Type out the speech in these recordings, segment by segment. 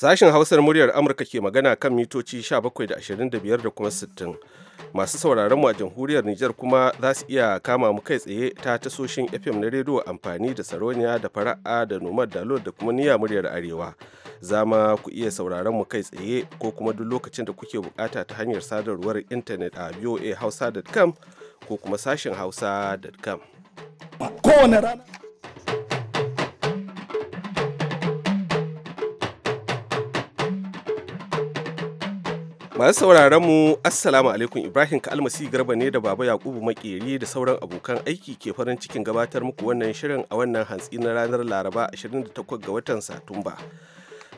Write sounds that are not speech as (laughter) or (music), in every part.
Sashen Hausar muryar Amurka ke magana kan mitoci 17.25 da da kuma 60. Masu sauraron mu a jamhuriyar Nijar kuma za su iya kama mu kai tsaye ta tasoshin FM na rediyo amfani da Saroniya da Fara'a da Nomad Dalo da kuma Niyya muryar Arewa. Zama ku iya sauraron mu kai tsaye ko kuma duk lokacin da kuke bukata ta hanyar sadarwar intanet a voahausa.com ko kuma sashen hausa.com. Kowane rana. Masu sauraron mu Assalamu alaikum Ibrahim Kalmasi Garba ne da Baba Yakubu Makeri da sauran abokan aiki ke farin cikin gabatar muku wannan shirin a wannan hantsi na ranar Laraba 28 ga watan Satumba.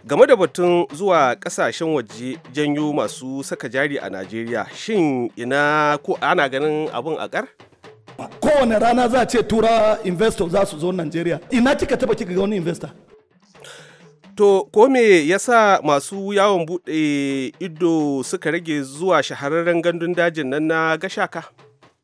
Game da batun zuwa kasashen waje janyo masu saka jari a Najeriya, shin ina ko ana ganin abun a kar? Kowane rana za a ce tura investor za su zo Najeriya. Ina kika taba kika ga wani investor? To, ko me yasa masu yawon buɗe ido suka rage zuwa shahararren gandun dajin nan na gashaka?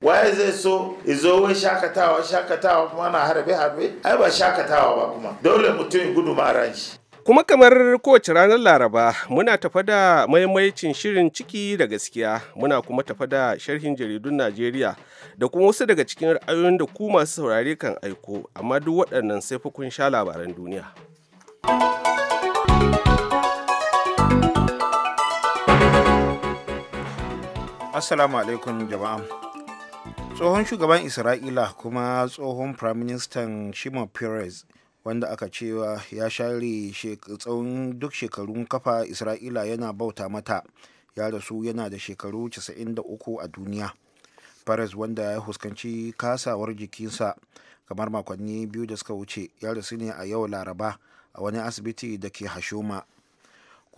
waye zai so Is wai shakatawa shakatawa kuma na harbe harbe ai ba shakatawa ba kuma dole mutum ya gudu ma shi kuma kamar kowace ranar laraba muna tafa da maimaicin shirin ciki da gaskiya muna kuma tafa da sharhin jaridun najeriya da kuma wasu daga cikin ra'ayoyin da ku masu saurare kan aiko amma duk waɗannan sai fa kun sha labaran duniya. assalamu alaikum jama'a tsohon shugaban isra'ila kuma tsohon firaministan shimon peres wanda aka cewa ya share tsawon duk shekarun kafa isra'ila yana bauta mata ya rasu yana da shekaru 93 a duniya peres wanda ya huskanci kasawar jikinsa kamar makonni biyu da suka wuce ya rasu ne a yau laraba a wani asibiti da ke hashoma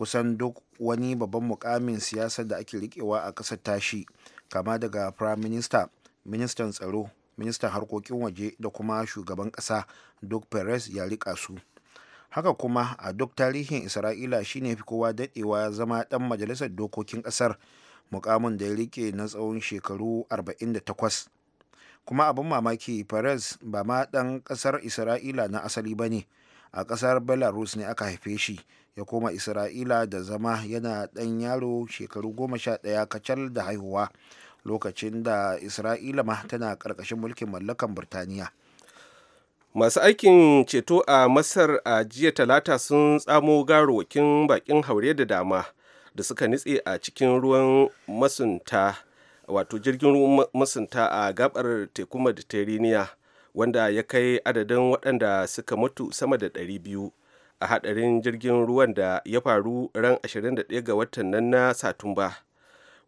kusan duk wani babban mukamin siyasar da ake rikewa a ƙasar tashi kama daga prime minister ministan tsaro ministan harkokin waje da kuma shugaban ƙasa duk perez ya rika su haka kuma a duk tarihin isra'ila shine fi kowa daɗewa zama ɗan majalisar dokokin ƙasar mukamin da ya rike na tsawon shekaru 48 kuma abin mamaki perez ba ma ɗan ƙasar isra'ila na asali ba ne a ƙasar belarus ne aka haife shi ya koma isra'ila da zama yana ɗan yaro shekaru goma sha ɗaya kacal da haihuwa lokacin da isra'ila ma tana ƙarƙashin mulkin mallakan birtaniya masu aikin ceto a masar a jiya talata sun tsamo garowakin bakin haure da dama da suka nitse a cikin ruwan masunta wato jirgin ruwan masunta a gabar teku mediterranean wanda ya kai adadin waɗanda suka mutu sama da 200 a hadarin jirgin ruwan da ya faru ran 21 ga watan nan na satumba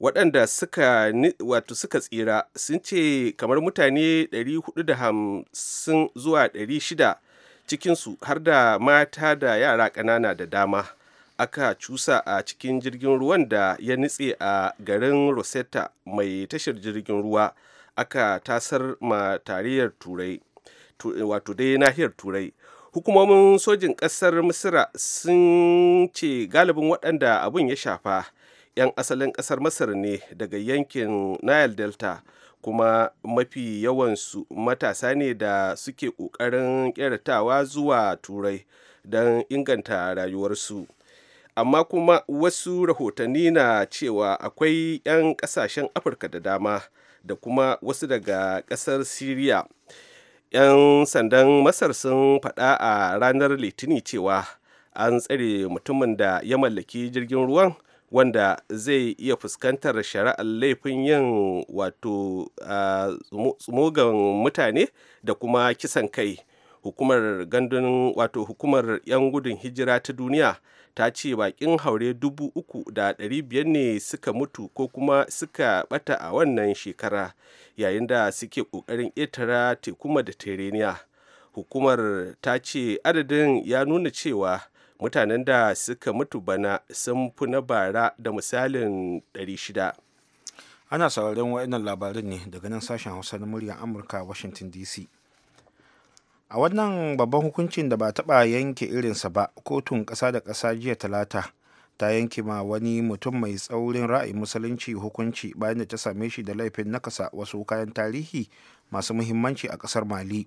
waɗanda suka wato suka tsira sun ce kamar mutane 450 zuwa 600 cikinsu har da mata da yara ƙanana da dama aka cusa a cikin jirgin ruwan da ya nitse a garin rosetta mai tashar jirgin ruwa aka tasar ma tariyar turai wato dai nahiyar turai hukumomin sojin ƙasar misira sun ce galibin waɗanda abun ya shafa 'yan asalin ƙasar masar ne daga yankin nile delta kuma mafi yawansu matasa ne da suke ƙoƙarin ƙyaratawa zuwa turai don inganta rayuwarsu amma kuma wasu rahotanni na cewa akwai 'yan ƙasashen afirka da dama da kuma wasu daga ƙasar syria 'yan sandan masar sun faɗa a ranar litini cewa an tsare mutumin da ya mallaki jirgin ruwan wanda zai iya fuskantar shari'ar laifin yin wato tsumogan mutane da kuma kisan kai hukumar gandun wato hukumar 'yan gudun hijira ta duniya ta ce bakin haure dubu uku da ɗari biyar ne suka mutu ko kuma suka bata a wannan shekara yayin da suke ƙoƙarin etara tekuma da hukumar ta ce adadin ya nuna cewa mutanen da suka mutu bana sun fi na bara da misalin 600 ana sauraron wa'annan labarin ne daga nan sashen hausa na muryar amurka washington dc a wannan babban hukuncin da ba taɓa yanke irinsa ba kotun ƙasa da ƙasa jiya talata ta yanke ma wani mutum mai tsaurin ra'ayin musulunci hukunci bayan da ta same shi da laifin nakasa wasu kayan tarihi masu muhimmanci a ƙasar mali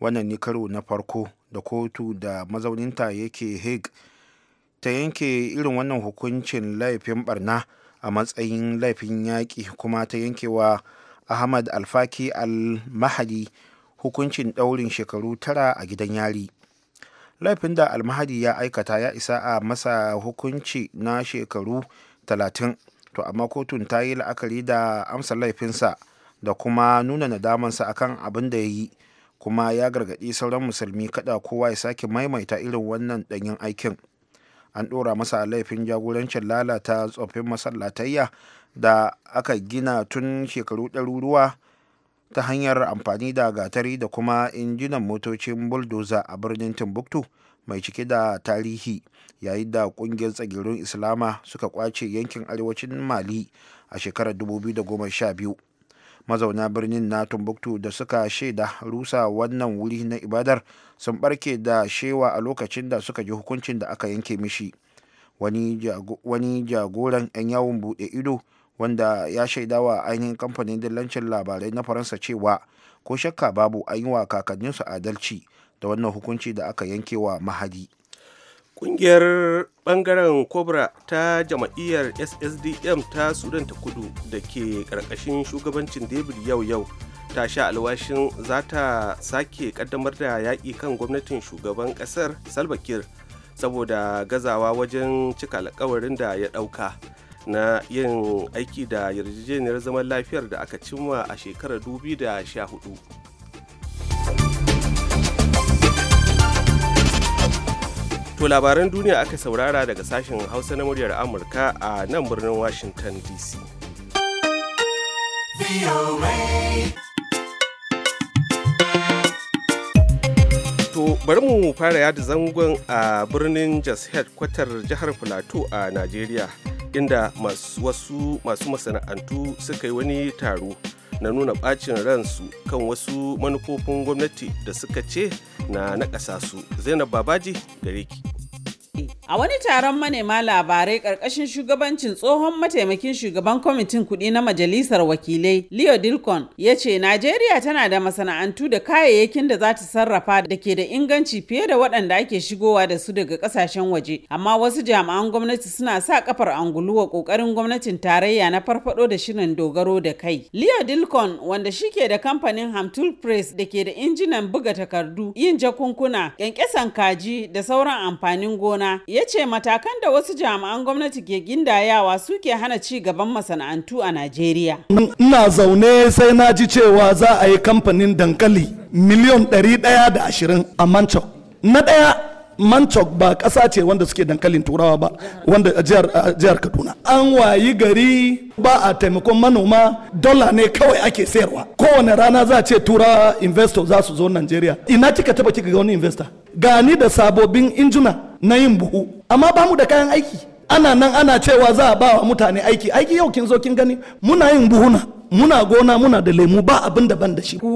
wannan ne karo na farko da kotu da mazauninta yake hague ta yanke irin wannan hukuncin laifin barna a matsayin laifin yaƙi kuma ta yankewa ahmad alfaki al-mahadi hukuncin ɗaurin shekaru tara a gidan yari laifin da almahadi ya aikata ya isa a masa hukunci na shekaru talatin to amma kotun ta yi la'akari da amsa laifinsa da kuma nuna nadamansa akan abin da ya yi kuma ya gargaɗi sauran musulmi kada kowa ya sake maimaita irin wannan ɗanyen aikin an ɗora masa laifin jagorancin lalata tsoffin masallatayya da aka gina tun shekaru ɗaruruwa ta hanyar amfani da gatari da kuma injinan motocin buldoza a birnin timbuktu mai cike da tarihi yayin da kungiyar tsagirin islama suka kwace yankin arewacin mali a shekarar 2012 mazauna birnin na timbuktu da suka shaida rusa wannan wuri na ibadar sun barke da shewa a lokacin da suka ji hukuncin da aka yanke mishi wani jagoran 'yan yawon buɗe ido wanda ya shaida wa ainihin kamfanin dillancin labarai na faransa cewa ko shakka babu an yi wa kakanninsu adalci da wannan hukunci da aka yanke wa mahadi kungiyar bangaren cobra ta jama'iyyar ssdm ta sudan ta kudu da ke karkashin shugabancin david yau yau ta sha alwashin za ta sake kaddamar da yaƙi kan gwamnatin shugaban ƙasar salva saboda gazawa wajen cika alkawarin da ya ɗauka na yin aiki da yarjejeniyar zaman lafiyar da aka cimma a shekarar dubi da sha hudu. to labaran duniya aka saurara daga sashen hausa na muryar amurka a nan birnin washington dc To bari mu fara yada zangon a birnin Jos kwatar jihar Filato a Najeriya inda wasu masu masana'antu suka yi wani taro na nuna bacin ransu kan wasu manufofin gwamnati da suka ce na nakasa su zainab babaji gare ki eh, A wani taron manema labarai ƙarƙashin shugabancin tsohon mataimakin shugaban kwamitin kuɗi na majalisar wakilai Leo Dilkon ya ce Najeriya tana da masana'antu da kayayyakin da za ta sarrafa da ke da inganci fiye da waɗanda ake shigowa da su daga ƙasashen waje. Amma wasu jami'an gwamnati suna sa kafar angulu wa ƙoƙarin gwamnatin tarayya na farfado da shirin dogaro da kai. Leo Dilkon wanda shi ke da kamfanin Hamtul Press da ke da injinan buga takardu, yin jakunkuna, kyankyasan kaji da sauran amfanin gona ya ce matakan da wasu jami'an gwamnati ke gindayawa suke hana ci gaban masana'antu a najeriya ina zaune sai na ji cewa za a yi kamfanin dankali miliyon ɗari ɗaya da ashirin a manchok na ɗaya manchok ba ƙasa ce wanda suke dankalin turawa ba wanda a jihar kaduna an wayi gari ba a taimakon manoma dola ne kawai ake sayarwa kowane rana za a ce turawa investor za su zo Najeriya. ina kika taba kika ga wani investor gani da sabobin injuna na yin buhu amma ba mu da kayan aiki ana nan ana cewa za a bawa mutane aiki aiki yau kin zo kin gani muna yin buhuna muna gona muna da lemu ba abin da ban da shi ku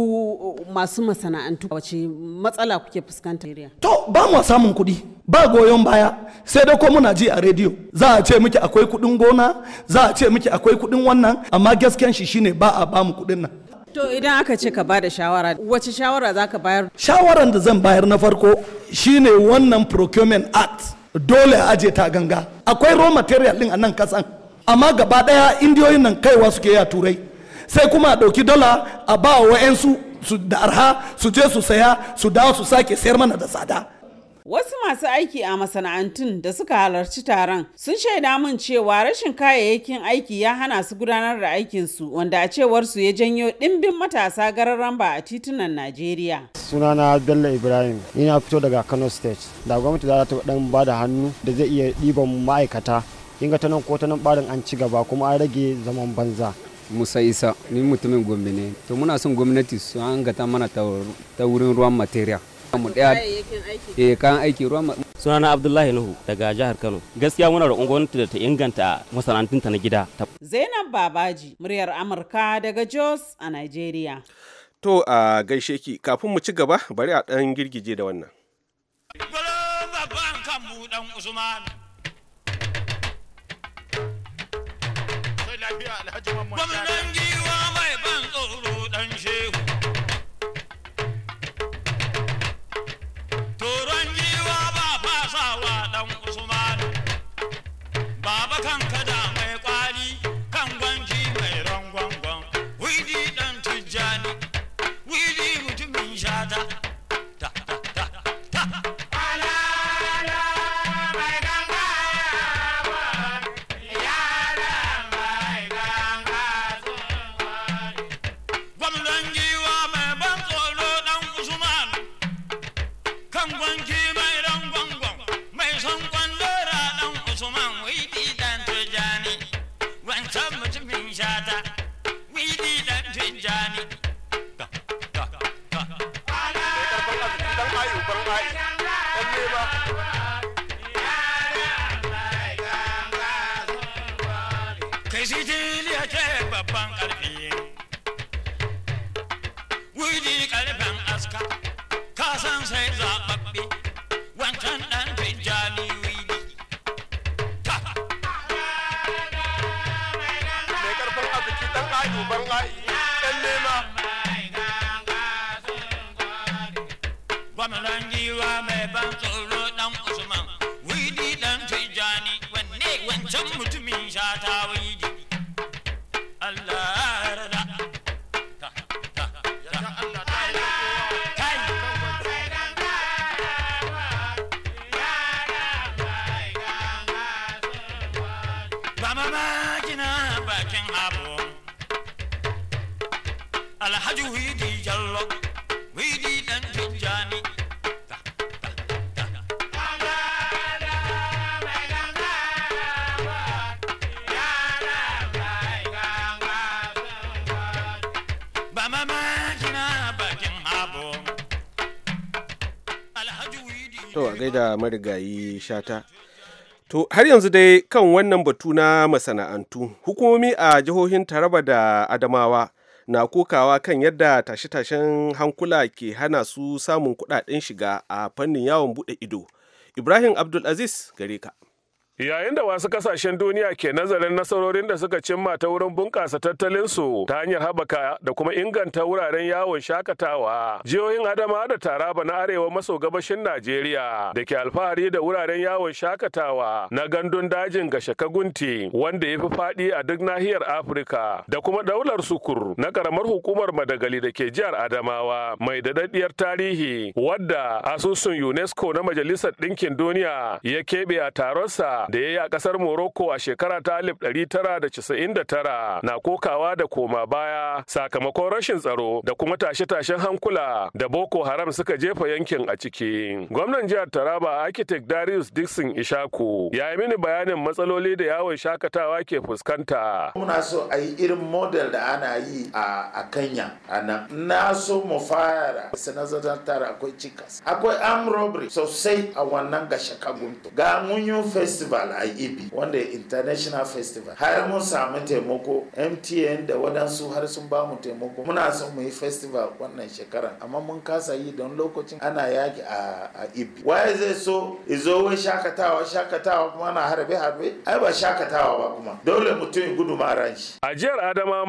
masu masana'antu wace matsala kuke fuskanta to ba mu samun kuɗi ba goyon baya sai dai ko muna ji a rediyo za a ce miki akwai kuɗin gona za a ce miki akwai kuɗin wannan amma gaskiyan shi shine ba a ba mu kuɗin nan To idan aka ce ka ba da shawara, wace shawara za ka bayar? Shawaran da zan bayar na farko shine wannan Procurement Act dole a aje ta ganga. Akwai raw material din a nan kasan, amma gaba daya indiyoyin nan kaiwa suke ya turai. Sai kuma a ɗauki dala a ba wa 'yansu su da arha su je su saya su dawo su sake sayar mana da tsada. Wasu masu aiki a masana'antun da suka halarci taron sun shaida mun cewa rashin kayayyakin aiki ya hana su gudanar da aikinsu wanda a cewar su ya janyo dimbin matasa gararan ba a titunan Najeriya. Sunana Bello Ibrahim, ni fito daga Kano State. Da gwamnati za ta dan ba da hannu da zai iya ɗiban ma'aikata. inga ta nan ko ta nan barin an ci gaba kuma an rage zaman banza. Musa Isa, ni mutumin Gombe ne. To muna son gwamnati su an gata mana ta wurin ruwan material. mu daya eh kayan aiki sunana Abdullahi Nuhu daga jihar Kano gaskiya muna roƙon gwamnati da ta inganta masana'antunta na gida Zainab Babaji muryar Amurka daga Jos a Nigeria to a gaishe ki kafin mu ci gaba bari a ɗan girgije da wannan Usman malan giwa mai ban tsoro dan usman widi dan tijani wanne wancan mutum yi shata to har yanzu dai kan wannan batu na masana'antu hukumomi a jihohin taraba da adamawa na kokawa kan yadda tashe-tashen hankula ke hana su samun kudaden shiga a fannin yawon bude ido ibrahim abdulaziz gare ka Yayin da wasu kasashen duniya ke nazarin nasarorin da suka cimma ta wurin bunƙasa tattalinsu ta hanyar haɓaka da kuma inganta wuraren yawon shakatawa, jihohin Adama da Taraba na arewa maso gabashin Najeriya da ke alfahari da wuraren yawon shakatawa na gandun dajin Gashakagunti wanda ya fi faɗi a duk nahiyar Afirka da kuma daular sukur na ƙaramar hukumar Madagali da ke jihar Adamawa mai daɗaɗɗiyar tarihi wadda asusun UNESCO na Majalisar Ɗinkin Duniya ya keɓe a taronsa da ya yi a ƙasar Morocco a shekara ta 1999 na kokawa da koma baya sakamakon rashin tsaro da kuma tashe-tashen hankula da Boko Haram suka jefa yankin a ciki. Gwamnan jihar Taraba Architect Darius Dixon Ishaku ya yi mini bayanin matsaloli da yawon shakatawa ke fuskanta. Muna so a yi irin model da ana yi a Kenya a nan. Na so mu fara tara akwai cikas. Akwai arm robbery sosai a wannan Ga munyu festival festival a ibi wanda international festival har mun samu taimako mtn da wadansu har sun ba mu taimako muna son mu yi festival wannan shekaran amma mun kasa yi don lokacin ana yaki a ibi waye zai so izo wai shakatawa shakatawa kuma ana harbe harbe ai ba shakatawa ba kuma dole mutum ya gudu ma ran shi a jiyar adama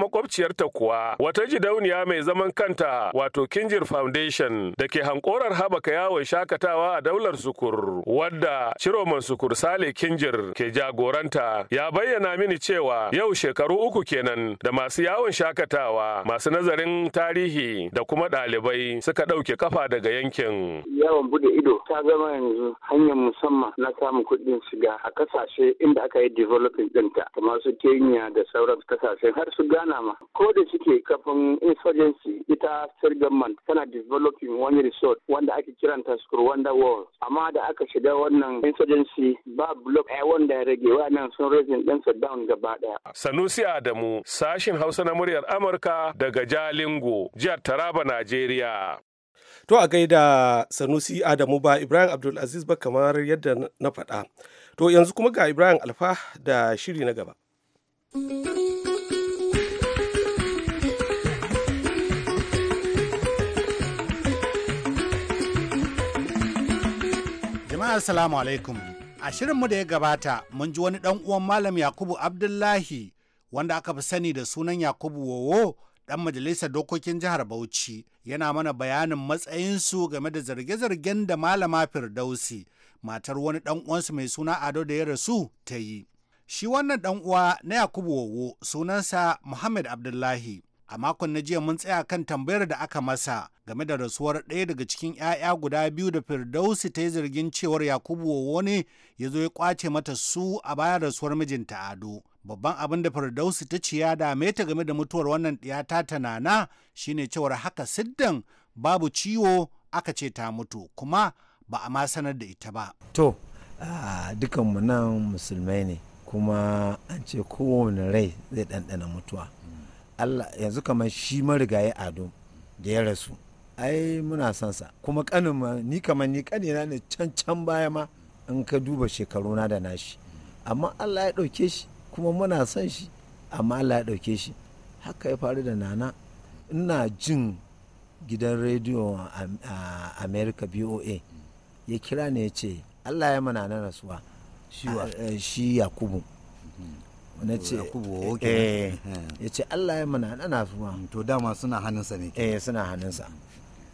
ta kuwa wata gidauniya mai zaman kanta wato kinjir foundation da ke hankorar haɓaka yawon shakatawa a daular sukur wadda ciroman sukur sale kinjir Jinjir ke jagoranta ya bayyana mini cewa yau shekaru uku kenan da masu yawon shakatawa masu nazarin tarihi da kuma ɗalibai suka ɗauke kafa daga yankin. Yawon bude ido ta zama yanzu hanyar musamman na samun kuɗin shiga a ƙasashe inda aka yi developing ɗinta kamar su Kenya da sauran kasashen har su gana ma. Ko da suke kafin insurgency ita state tana developing wani resort wanda ake kiranta Skurwanda World amma da aka shiga wannan insurgency ba ai wanda ya rage nan sun rage su down gaba ɗaya. Sanusi Adamu sashin Hausa na muryar Amurka daga Jalingo jihar Taraba Najeriya. To a gaida Sanusi Adamu ba Ibrahim Abdulaziz ba kamar yadda na faɗa. To yanzu kuma ga Ibrahim Alfa da shiri na gaba. Jama'a Assalamu alaikum. a shirinmu da ya gabata mun ji wani ɗan uwan malam yakubu abdullahi wanda aka fi sani da sunan yakubu wowo dan majalisar dokokin jihar bauchi yana mana bayanin matsayinsu game da zarge-zargen da malama firdausi matar wani ɗan uwansu mai suna ado da ya rasu ta yi shi wannan ɗan uwa na yakubu wowo sunansa muhammad abdullahi a makon na jiya mun tsaya kan tambayar da aka masa game da rasuwar ɗaya daga cikin 'ya'ya guda biyu da firdausi ta yi zargin cewar yakubu wani ya zo ya kwace mata su a bayan rasuwar mijinta ado babban abin da firdausi ta ce ya dame ta game da mutuwar wannan ɗiyata ta nana shine cewar haka siddan babu ciwo aka ce ta mutu kuma ba a ma sanar da ita ba to dukanmu nan musulmai ne kuma an ce kowane rai zai ɗanɗana mutuwa Allah yanzu kamar shi marigayi ado da ya rasu ai muna son sa kuma kanin ma ni kamar ni kanina ne can can baya ma in ka duba shekaru na da nashi amma Allah ya dauke shi kuma muna son shi amma Allah ya dauke shi haka ya faru da nana ina jin gidan rediyo a america boa ya kira ne ya ce Allah ya mana na rasuwa shi yakubu mhm. na ce eh, eh, eh. ya ce allah ya mana ana zuwa. Mm, to dama suna hannunsa ne eh suna hannunsa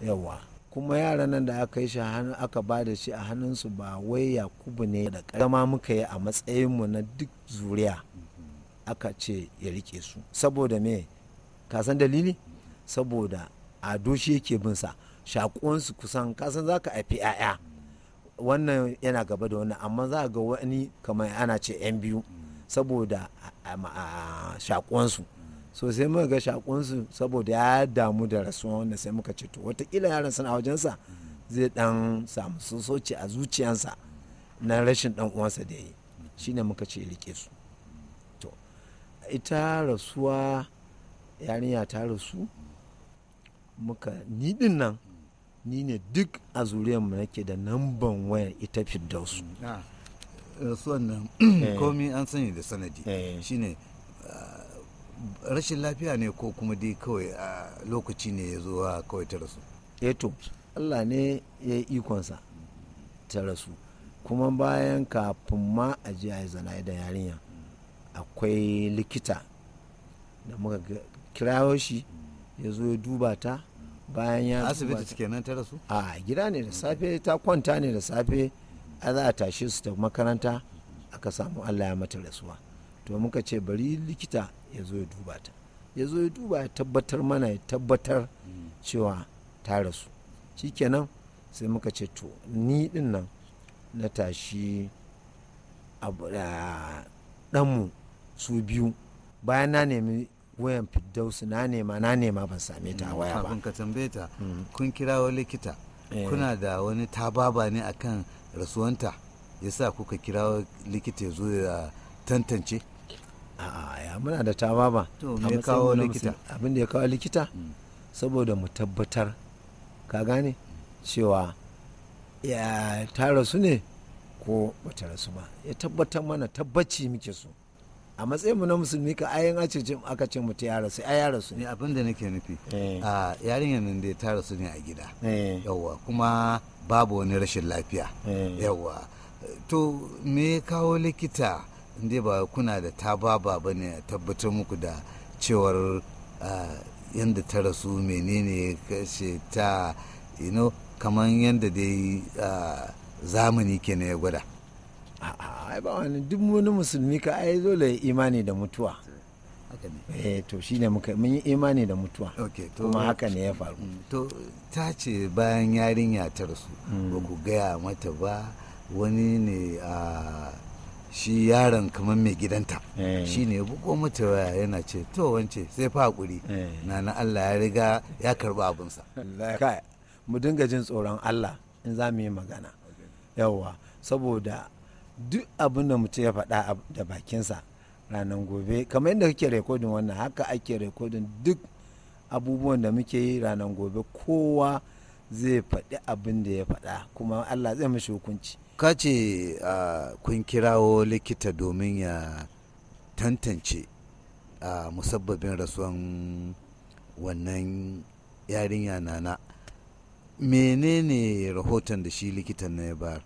yawa kuma yaran nan da aka yi shi hannu aka ba da shi a hannunsu ba wai yakubu ne da zama muka yi a matsayinmu na duk zuriya mm-hmm. aka ce ya rike su saboda me kasan dalili saboda a doshi yake bin sa shakuwansu kusan kasan za ka haifi 'ya'ya mm. wannan yana gaba da wannan amma za ga wani kamar ana ce 'yan biyu mm. saboda shakonsu so sai muka ga shakonsu saboda ya damu da rasuwa wanda sai muka ce to watakila yaran suna sa zai dan samu sosoci a zuciyansa na rashin dan uwansa da ya yi shine muka ce rike su to ita rasuwa yarinya ta rasu muka ni din nan ni ne duk a zuriyarmu nake da namban wayar ita fiddausu rasuwan nan eh. (clears throat) komi an sani da sanadi eh. shine ah, rashin lafiya ne ko kuma dai kawai a ah, lokaci ne ya zo kawai ta rasu eto eh allah ne ya yi ikonsa ta rasu kuma bayan kafin ma a ji a zana da yarinya akwai likita da muka kirawo shi ya zo ya duba ta bayan ya asibiti nan ta rasu a gida ne da safe ta kwanta ne da safe a za a tashe su ta makaranta aka samu allah ya mata rasuwa to muka ce bari likita ya zo ya duba ta ya zo ya duba ya tabbatar mana ya tabbatar cewa ta rasu shikenan sai muka ce to ni din nan na tashi ɗanmu su biyu bayan na nemi wayan fiddausu na nema na nema ban same ta waya ba mm. Kun kira wa likita eh. kuna da wani tababa ne akan rasuwanta ya sa kuka kira likita ya zo ya tantance a'a ya muna da ta ya kawo likita mm. saboda mu tabbatar ka gane cewa ya ta rasu ne ko bata rasu ba ya tabbatar mana tabbaci muke so a matsayin mu na musulmi ka ayin a cikin aka ce mutu ya rasu a ya rasu ne eh, abin da nake nufi eh. a yarinyar nan da ta rasu ne a gida eh. yawwa kuma babu wani rashin lafiya yawwa to me kawo likita inda ba kuna da tababa ba ne tabbatar muku da cewar yadda ta rasu menene kashe ta you kamar yadda dai zamani kenan ya gwada ai ba wani duk wani musulmi ka ai dole imani da mutuwa eh to shine muka mun yi imani da mutuwa kuma haka ne ya faru mm, to ta ce bayan yarinya ta rasu mm. ba ku gaya mata ba wani ne a shi yaron kamar mai gidanta eh. shi ne buko mata yana ce to wance sai fa hakuri eh. na na Allah ya riga ya karba abunsa mu dinga jin tsoron Allah in za mu yi magana yawwa saboda duk abin da mutum ya faɗa da bakinsa ranar gobe kamar yadda kake rekodin wannan haka ake rekodin duk abubuwan da muke yi ranar gobe kowa zai faɗi abin da ya faɗa kuma allah zai mashi hukunci ka ce kun kirawo likita domin ya tantance musabbabin rasuwan wannan yarinya nana menene rahoton da shi likitan na ya bayar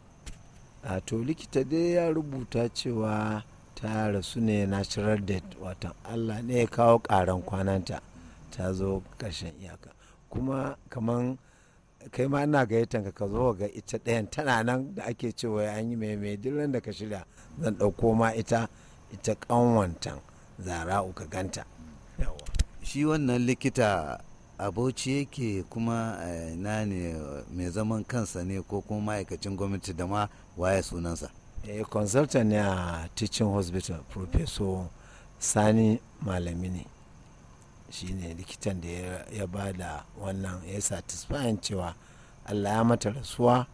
a to likita dai ya rubuta cewa ta rasu ne natural death watan allah ne ya kawo karan kwananta ta zo karshen iyaka kuma kaman kai ma ina gayyatan ka ka zo ga ita ɗayan tana nan da ake cewa an yi mai duk da ka shirya zan ɗauko ma ita ita ƙanwantan zara uka ganta shi wannan likita aboci yake kuma eh, na ne mai zaman kansa ne ko kuma ma'aikacin gwamnati da ma waye sunansa e consultant ne a teaching hospital professor sani malami ne shi ne likitan da ya ba da wannan ya satisfying cewa allah ya mata rasuwa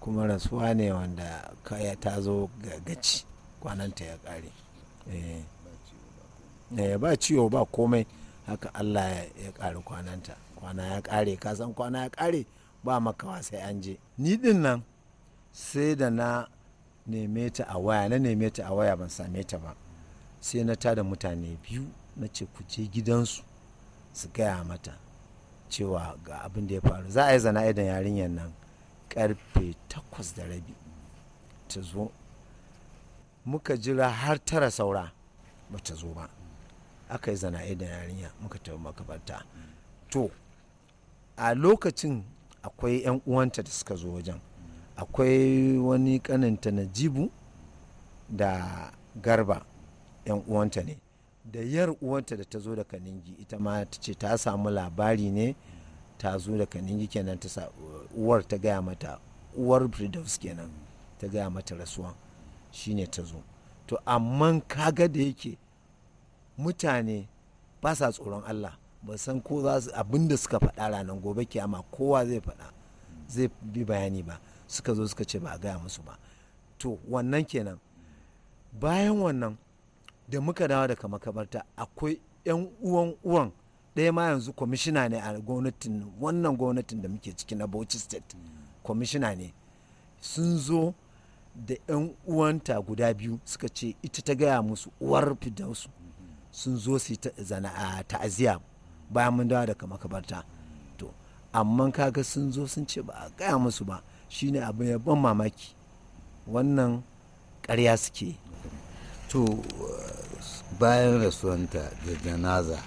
kuma rasuwa ne wanda kaya ta zo ga gaci kwananta ya kare ya eh. ba ciwo ba komai haka allah ya ƙari kwananta kwana ya ƙare ka san kwana ya ƙare ba makawa sai an je ni din nan sai da na neme ta a waya na neme ta a waya ban same ta ba sai na tada mutane biyu na ce ku je gidansu su gaya mata cewa ga abin da ya faru za a yi zana idan yarinyar nan karfe takwas da rabi ta zo muka jira har tara saura ba ta zo ba aka yi zanai da yarinya muka tafi makabarta to a lokacin akwai 'yan uwanta da suka zo wajen akwai wani kananta na jibu da garba 'yan uwanta ne da yar uwanta da ta zo da kaningi ita ma ta ce ta samu labari ne ta zo da kaningi kenan ta sa uwar ta gaya mata uwar Bridaus kenan ta gaya mata rasuwa shine ta zo to amma kaga da yake mutane ba sa tsoron Allah ba san ko za su abin da suka faɗa ranar gobe kiyama kowa zai faɗa zai bi bayani ba suka zo suka ce ba a gaya musu ba to wannan kenan bayan wannan da muka dawo daga makabarta akwai 'yan uwan uwan ɗaya ma yanzu kwamishina ne a gwamnatin wannan gwamnatin da muke ciki na bauchi state kwamishina ne sun zo da 'yan uwanta guda biyu suka ce ita ta gaya musu uwar fidausu sun zo su ta'aziyya bayan mun dawo daga makabarta to amma kaga sun zo sun ce ba a gaya musu ba shine abin ya ban mamaki wannan karya suke to uh, bayan rasuwanta da janaza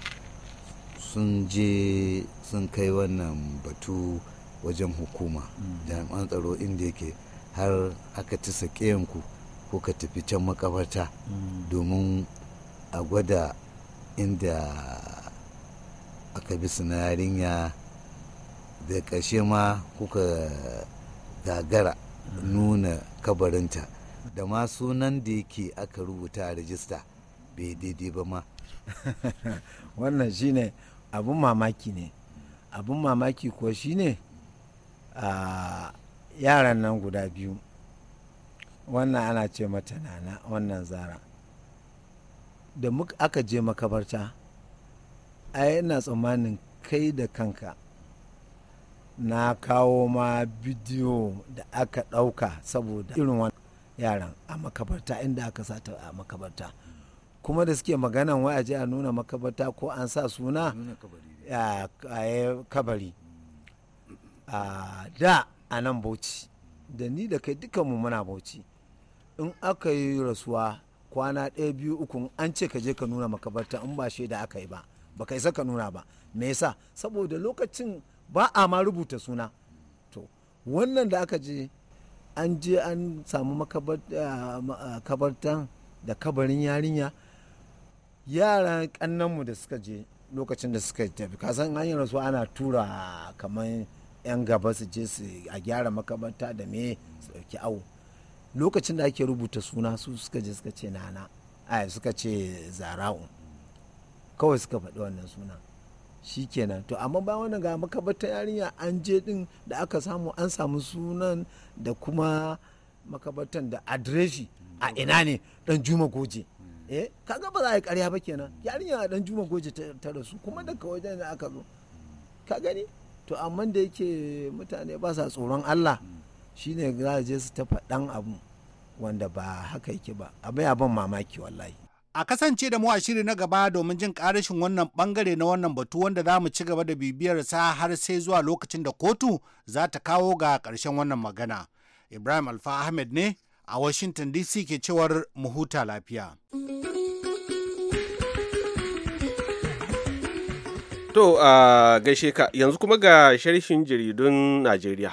sun je sun kai wannan batu wajen hukuma mm. jami'an tsaro inda yake har aka ci yanku ko ka tafi can makabarta mm. domin a gwada inda aka bi ya da ƙashe ma kuka gagara nuna kabarinta da ma sunan da yake aka rubuta a rajista bai daidai ba ma (laughs) wannan shine abun mamaki ne abun mamaki ko shine a yaran nan guda biyu wannan ana ce mata nana wannan zara da aka je makabarta ai ina tsammanin kai da kanka na kawo ma bidiyo da aka ɗauka saboda irin wani yaran a makabarta inda aka sata a makabarta kuma da suke maganan wa'aji a nuna makabarta ko an sa suna a kabari a da a nan bauchi da ni da kai dukanmu muna bauchi in aka yi rasuwa kwana ɗaya biyu uku an ce ka je ka nuna makabarta in ba shaida aka yi ba baka isa ka nuna ba me yasa saboda lokacin ba a ma rubuta suna to wannan da aka je an je an samu makabartan eh, eh, da kabarin yarinya yara kannanmu da suka je lokacin da suka tafi kasan hanyar su ana tura kamar 'yan gaba su je su a gyara makabarta da me su ɗauki awo lokacin da ake rubuta suna su suka je suka ce nana a suka ce zara'u kawai suka faɗi wannan suna shi kenan to amma ba wani ga makabartar yarinya an je din da aka samu an samu sunan da kuma makabartar da adireshi a ina ne dan juma goje hmm. eh kaga ba za a yi karya ba kenan yarinya dan juma goje ta rasu kuma daga wajen da aka zo hmm. ka gani to amma da yake mutane ba sa tsoron Allah hmm. shine za je su ta faɗan abu wanda ba haka yake ba abin abin mamaki wallahi a kasance da mu a shiri na gaba domin jin karashin wannan bangare na wannan batu wanda za mu ci gaba da bibiyar sa har sai zuwa lokacin da kotu za ta kawo ga karshen wannan magana ibrahim alfa ahmed ne a washington dc ke cewar mu lafiya to a gaishe ka yanzu kuma ga sharhin jaridun najeriya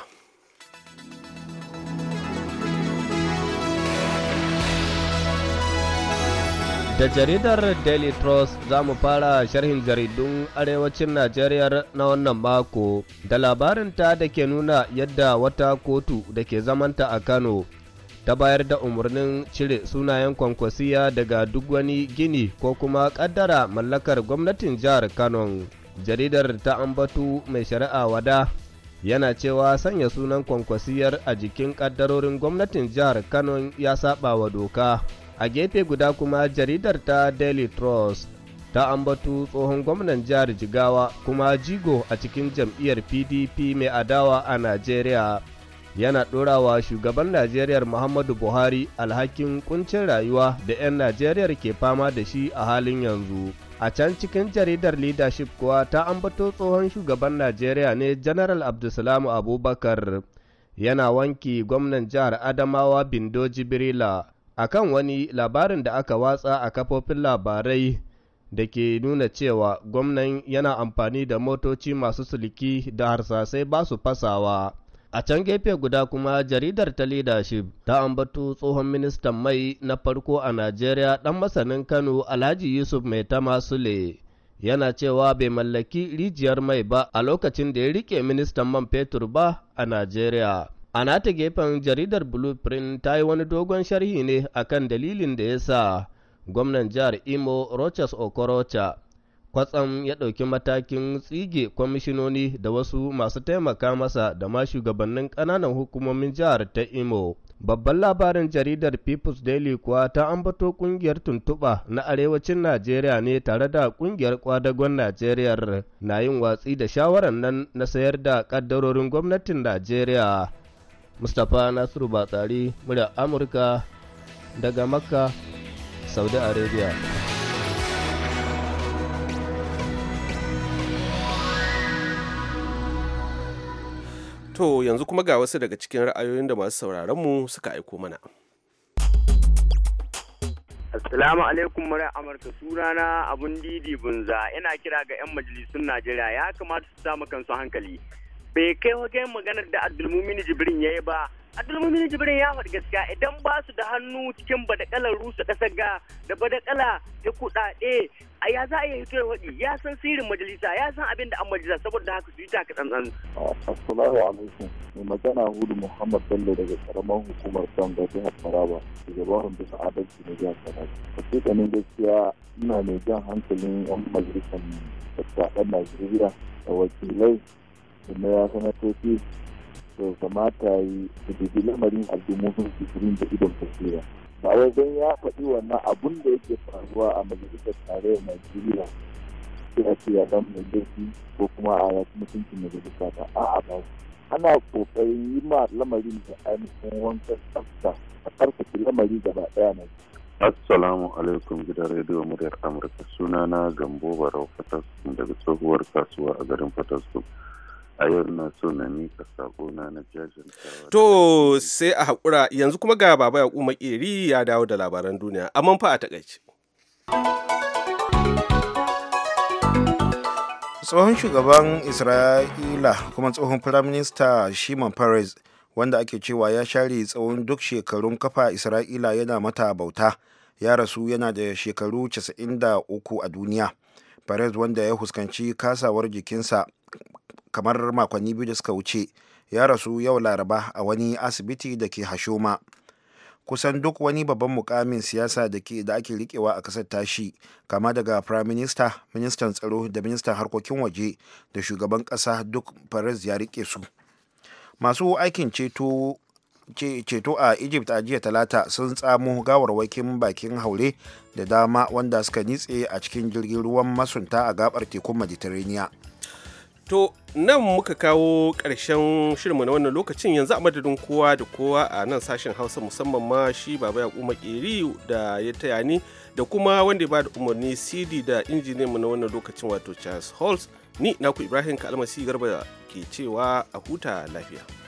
Da jaridar Daily Trust za mu fara sharhin jaridun arewacin Najeriya na wannan mako da labarinta da ke nuna yadda wata kotu da ke zamanta a Kano ta bayar da umarnin cire sunayen kwankwasiya daga duk wani gini ko kuma kaddara mallakar gwamnatin jihar Kano. Jaridar ta ambatu mai shari'a wada yana cewa sanya sunan kwankwasiyar a jikin kaddarorin gwamnatin jihar Kano ya saba wa doka. a gefe guda kuma jaridar ta daily trust ta ambatu tsohon gwamnan jihar jigawa kuma jigo a cikin jam'iyyar pdp mai adawa a najeriya yana ɗorawa shugaban najeriya muhammadu buhari alhakin kuncin rayuwa da 'yan najeriya ke fama da shi a halin yanzu a can cikin jaridar leadership kuwa ta ambato tsohon shugaban najeriya ne general abdulsalamu abubakar yana wanki gwamnan jihar adamawa bindo jibrila akan wani labarin da aka watsa a kafofin labarai da ke nuna cewa gwamnan yana amfani da motoci masu sulki da harsasai ba su fasawa. A can gefe guda kuma jaridar ta leadership ta ambatu tsohon ministan mai na farko a Najeriya Dan masanin Kano Alhaji Yusuf Mai Tama Sule. Yana cewa bai mallaki rijiyar mai ba a lokacin da ya rike ministan man fetur ba a Najeriya. A nata gefen jaridar Blueprint ta yi wani dogon sharhi ne akan dalilin da ya sa gwamnan jihar Imo Rochas Okorocha kwatsam ya ɗauki matakin tsige kwamishinoni da wasu masu taimaka masa da ma shugabannin ƙananan hukumomin jihar ta Imo. Babban labarin jaridar People's Daily kuwa ta ambato ƙungiyar tuntuɓa na arewacin Najeriya ne tare da ƙungiyar kwadagon najeriyar na yin watsi da shawarar nan na sayar da ƙaddarorin gwamnatin Najeriya. mustapha nasiru batsari murya amurka daga makka saudi arabia to yanzu kuma ga wasu daga cikin ra'ayoyin da masu sauraronmu suka aiko mana Assalamu alaikum murar Amurka sunana abun didi bunza Yana kira ga 'yan majalisun Najeriya ya kamata su samu kansu hankali bai kai wajen maganar da abdulmumin jibrin ya yi ba abdulmumin jibrin ya faɗi gaskiya idan ba su da hannu cikin badakalar rusa ƙasa ga da badakala ta kuɗaɗe a ya za a yi hito ya ya san sirrin majalisa ya san abin da an majalisa saboda haka su yi taka tsantsan. assalamu alaikum mai magana hudu muhammad bello daga karamar hukumar banga jihar taraba shugaban bisa adalci na jihar taraba hakikanin gaskiya ina mai jan hankalin yan majalisar tattaɗen najeriya da wakilai kuma ya sanatoci to kamata yi da bibi lamarin al'ummu sun da idon tafiya ba wai don ya faɗi wannan abun da yake faruwa a majalisar tarayyar najeriya sai a ce ya dan mai ko kuma a ya mutuncin majalisa a'a ba ana kokarin yi ma lamarin da ainihin wankan tsafta a tsarkake lamari gaba daya na Assalamu alaikum gidan rediyo muryar Amurka sunana Gambo Barau Fataskum daga tsohuwar kasuwa a garin Fatas. a yau ina so na mika sakona na jajin to sai a haƙura yanzu kuma ga baba ya kuma ƙeri ya dawo da labaran duniya amma fa a takaice tsohon shugaban isra'ila kuma tsohon firaminista shimon peres wanda ake cewa ya share tsawon duk shekarun kafa isra'ila yana mata bauta ya rasu yana da shekaru 93 a duniya perez wanda ya huskanci kasawar jikinsa kamar makonni biyu da suka wuce ya rasu yau laraba a wani asibiti da ke hashoma kusan duk wani babban mukamin siyasa da ke da ake rikewa a kasar tashi kama daga prime minister ministan tsaro da ministan harkokin waje da shugaban kasa duk perez ya rike su masu aikin ceto ceto a egypt a jiya talata sun tsamo gawarwakin bakin haure da dama wanda suka nitse a cikin jirgin ruwan masunta a gabar tekun mediterranean To nan muka kawo ƙarshen shirinmu na wannan lokacin yanzu a madadin kowa da kowa a nan sashen Hausa musamman ma shi Baba kuma Makeri da ya taya ni da kuma wanda ya ba da umarni CD da injiniyanmu na wannan lokacin wato Charles Holtz ni naku Ibrahim Kalmasi Garba ke cewa a huta lafiya.